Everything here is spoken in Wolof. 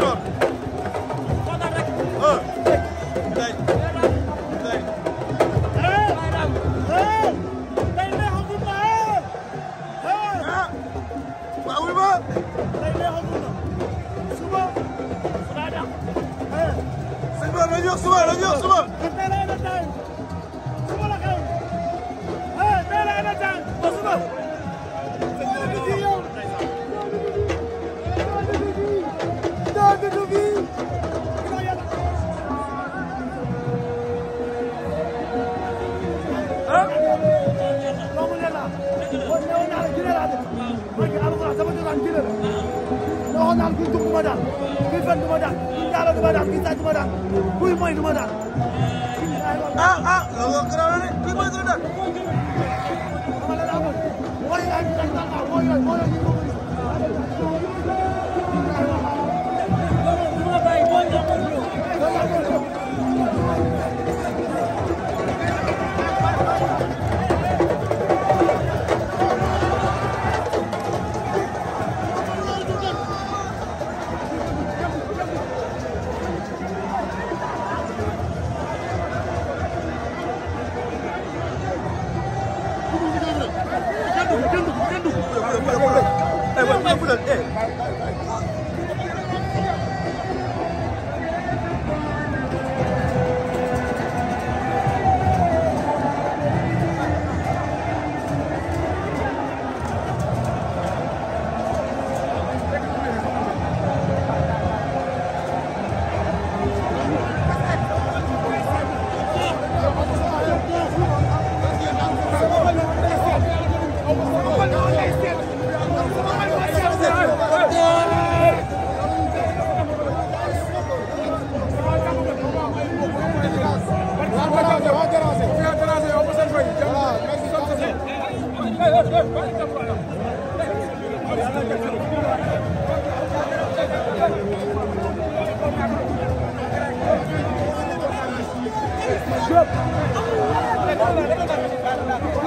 door man kuy dugg du ma daan kuy fen du ma daan kuy jaaroo du ma daan kuy saaj du ma daan kuy moy du ma daan. ah ah loolu garaaw na de kuy moy du ma daan. may fële. Good.